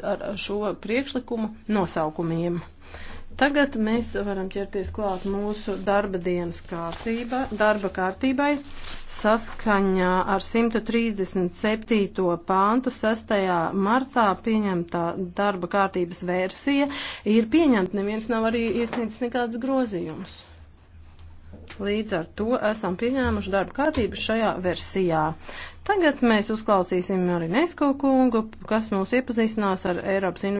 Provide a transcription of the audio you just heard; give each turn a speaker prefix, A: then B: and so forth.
A: saistīts ar šo priekšlikumu nosaukumiem. Tagad mēs varam ķerties klāt mūsu darba dienas kārtība, darba kārtībai saskaņā ar 137. pāntu 6. martā pieņemtā darba kārtības versija ir pieņemta, neviens nav arī iesniedzis nekādas grozījumus. Līdz ar to esam pieņēmuši darba kārtību šajā versijā. Tagad mēs uzklausīsim arī Nesko kungu, kas mūs iepazīstinās
B: ar Eiropas investīciju.